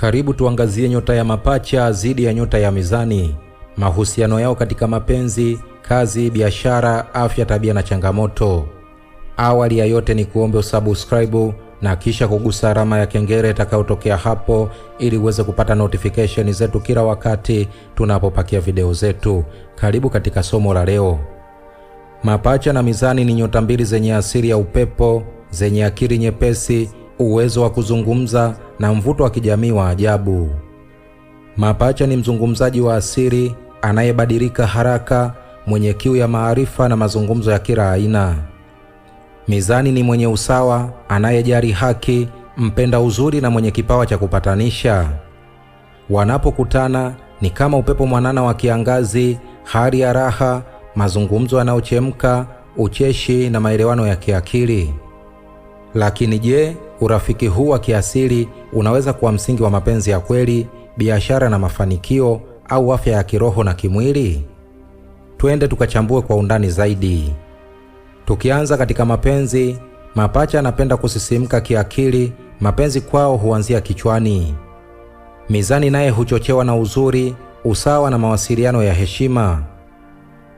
Karibu tuangazie nyota ya mapacha dhidi ya nyota ya mizani, mahusiano yao katika mapenzi, kazi, biashara, afya, tabia na changamoto. Awali ya yote ni kuombe usubscribe na kisha kugusa alama ya kengele itakayotokea hapo ili uweze kupata notification zetu kila wakati tunapopakia video zetu. Karibu katika somo la leo. Mapacha na mizani ni nyota mbili zenye asili ya upepo, zenye akili nyepesi uwezo wa kuzungumza na mvuto wa kijamii wa ajabu. Mapacha ni mzungumzaji wa asiri anayebadilika haraka, mwenye kiu ya maarifa na mazungumzo ya kila aina. Mizani ni mwenye usawa, anayejali haki, mpenda uzuri na mwenye kipawa cha kupatanisha. Wanapokutana ni kama upepo mwanana wa kiangazi, hali ya raha, mazungumzo yanayochemka, ucheshi na maelewano ya kiakili. Lakini je, Urafiki huu wa kiasili unaweza kuwa msingi wa mapenzi ya kweli, biashara na mafanikio, au afya ya kiroho na kimwili. Twende tukachambue kwa undani zaidi. Tukianza katika mapenzi, mapacha anapenda kusisimka kiakili. Mapenzi kwao huanzia kichwani. Mizani naye huchochewa na uzuri, usawa na mawasiliano ya heshima.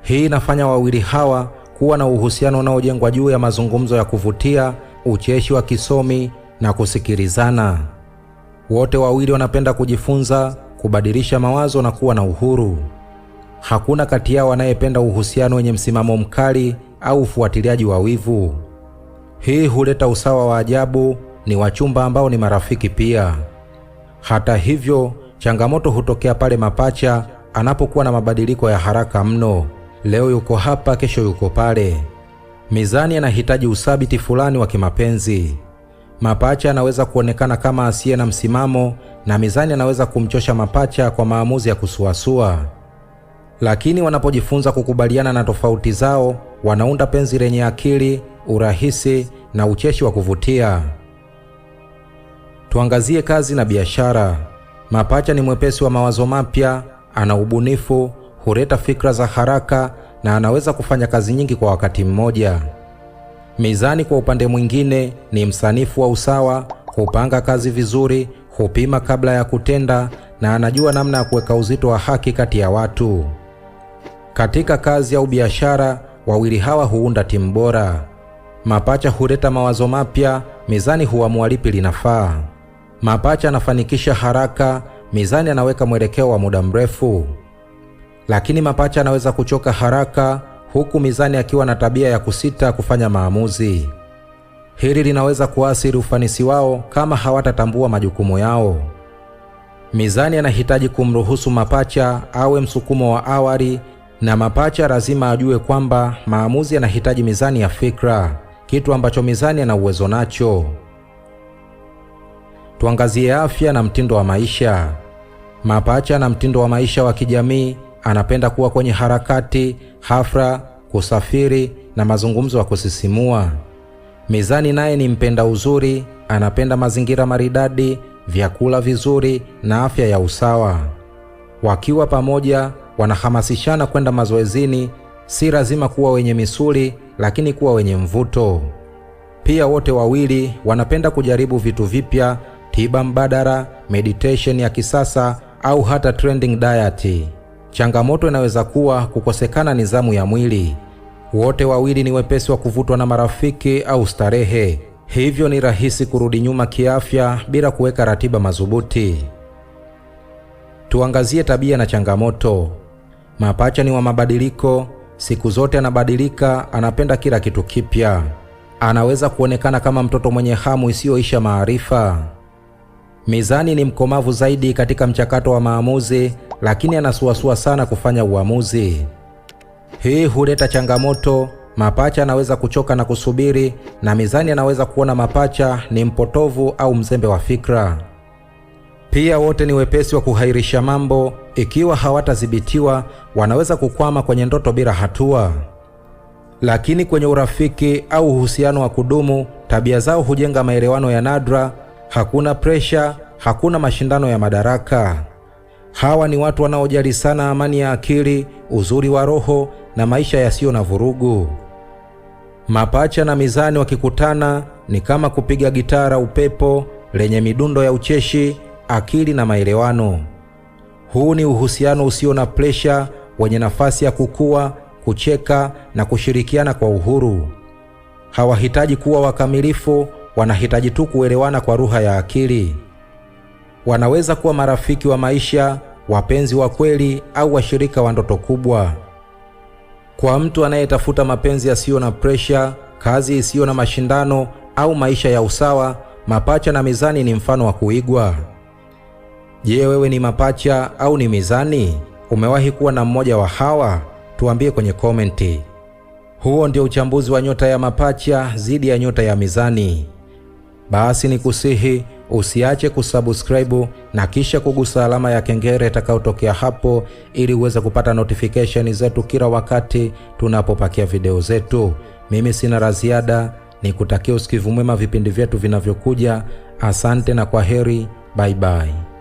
Hii inafanya wawili hawa kuwa na uhusiano unaojengwa juu ya mazungumzo ya kuvutia ucheshi wa kisomi na kusikilizana. Wote wawili wanapenda kujifunza, kubadilisha mawazo na kuwa na uhuru. Hakuna kati yao anayependa uhusiano wenye msimamo mkali au ufuatiliaji wa wivu. Hii huleta usawa wa ajabu, ni wachumba ambao ni marafiki pia. Hata hivyo, changamoto hutokea pale mapacha anapokuwa na mabadiliko ya haraka mno. Leo yuko hapa, kesho yuko pale. Mizani anahitaji uthabiti fulani wa kimapenzi. Mapacha anaweza kuonekana kama asiye na msimamo na mizani anaweza kumchosha mapacha kwa maamuzi ya kusuasua, lakini wanapojifunza kukubaliana na tofauti zao, wanaunda penzi lenye akili, urahisi na ucheshi wa kuvutia. Tuangazie kazi na biashara. Mapacha ni mwepesi wa mawazo mapya, ana ubunifu, huleta fikra za haraka na anaweza kufanya kazi nyingi kwa wakati mmoja. Mizani kwa upande mwingine ni msanifu wa usawa, hupanga kazi vizuri, hupima kabla ya kutenda na anajua namna ya kuweka uzito wa haki kati ya watu. Katika kazi au biashara, wawili hawa huunda timu bora. Mapacha huleta mawazo mapya, mizani huamua lipi linafaa. Mapacha anafanikisha haraka, mizani anaweka mwelekeo wa muda mrefu lakini mapacha anaweza kuchoka haraka, huku mizani akiwa na tabia ya kusita kufanya maamuzi. Hili linaweza kuathiri ufanisi wao kama hawatatambua majukumu yao. Mizani anahitaji kumruhusu mapacha awe msukumo wa awali, na mapacha lazima ajue kwamba maamuzi yanahitaji mizani ya fikra, kitu ambacho mizani ana uwezo nacho. Tuangazie afya na mtindo wa maisha. Mapacha na mtindo wa maisha wa kijamii anapenda kuwa kwenye harakati, hafra, kusafiri na mazungumzo ya kusisimua. Mizani naye ni mpenda uzuri, anapenda mazingira maridadi, vyakula vizuri na afya ya usawa. Wakiwa pamoja, wanahamasishana kwenda mazoezini. Si lazima kuwa wenye misuli, lakini kuwa wenye mvuto. Pia wote wawili wanapenda kujaribu vitu vipya, tiba mbadala, meditation ya kisasa au hata trending diet. Changamoto inaweza kuwa kukosekana nidhamu ya mwili. Wote wawili ni wepesi wa kuvutwa na marafiki au starehe, hivyo ni rahisi kurudi nyuma kiafya bila kuweka ratiba madhubuti. Tuangazie tabia na changamoto. Mapacha ni wa mabadiliko, siku zote anabadilika, anapenda kila kitu kipya. Anaweza kuonekana kama mtoto mwenye hamu isiyoisha maarifa. Mizani ni mkomavu zaidi katika mchakato wa maamuzi, lakini anasuasua sana kufanya uamuzi. Hii huleta changamoto. Mapacha anaweza kuchoka na kusubiri, na Mizani anaweza kuona mapacha ni mpotovu au mzembe wa fikra. Pia wote ni wepesi wa kuhairisha mambo. Ikiwa hawatadhibitiwa, wanaweza kukwama kwenye ndoto bila hatua. Lakini kwenye urafiki au uhusiano wa kudumu, tabia zao hujenga maelewano ya nadra hakuna presha, hakuna mashindano ya madaraka. Hawa ni watu wanaojali sana amani ya akili, uzuri wa roho na maisha yasiyo na vurugu. Mapacha na mizani wakikutana ni kama kupiga gitara upepo lenye midundo ya ucheshi, akili na maelewano. Huu ni uhusiano usio na presha, wenye nafasi ya kukua, kucheka na kushirikiana kwa uhuru. Hawahitaji kuwa wakamilifu wanahitaji tu kuelewana kwa lugha ya akili. Wanaweza kuwa marafiki wa maisha, wapenzi wa kweli, au washirika wa ndoto kubwa. Kwa mtu anayetafuta mapenzi yasiyo na presha, kazi isiyo na mashindano, au maisha ya usawa, mapacha na mizani ni mfano wa kuigwa. Je, wewe ni mapacha au ni mizani? Umewahi kuwa na mmoja wa hawa? Tuambie kwenye komenti. Huo ndio uchambuzi wa nyota ya mapacha dhidi ya nyota ya mizani basi ni kusihi usiache kusubscribe na kisha kugusa alama ya kengele itakayotokea hapo, ili uweze kupata notification zetu kila wakati tunapopakia video zetu. Mimi sina la ziada, nikutakia usikivu mwema vipindi vyetu vinavyokuja. Asante na kwa heri, bye bye.